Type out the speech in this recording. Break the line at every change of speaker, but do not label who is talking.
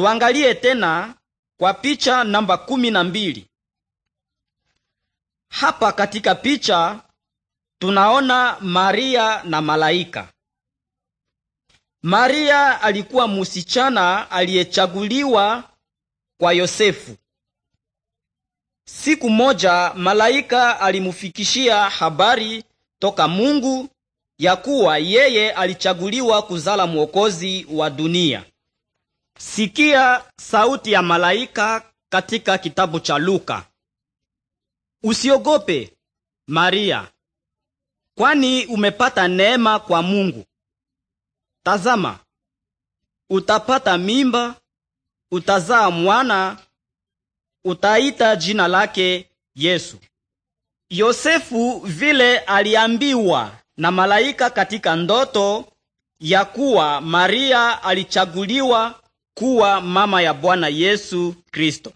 Tuangalie tena kwa picha namba kumi na mbili. Hapa katika picha tunaona Maria na malaika. Maria alikuwa msichana aliyechaguliwa kwa Yosefu. Siku moja malaika alimufikishia habari toka Mungu ya kuwa yeye alichaguliwa kuzala mwokozi wa dunia. Sikia sauti ya malaika katika kitabu cha Luka. Usiogope Maria, kwani umepata neema kwa Mungu. Tazama, utapata mimba, utazaa mwana, utaita jina lake Yesu. Yosefu vile aliambiwa na malaika katika ndoto ya kuwa Maria alichaguliwa kuwa mama ya Bwana Yesu Kristo.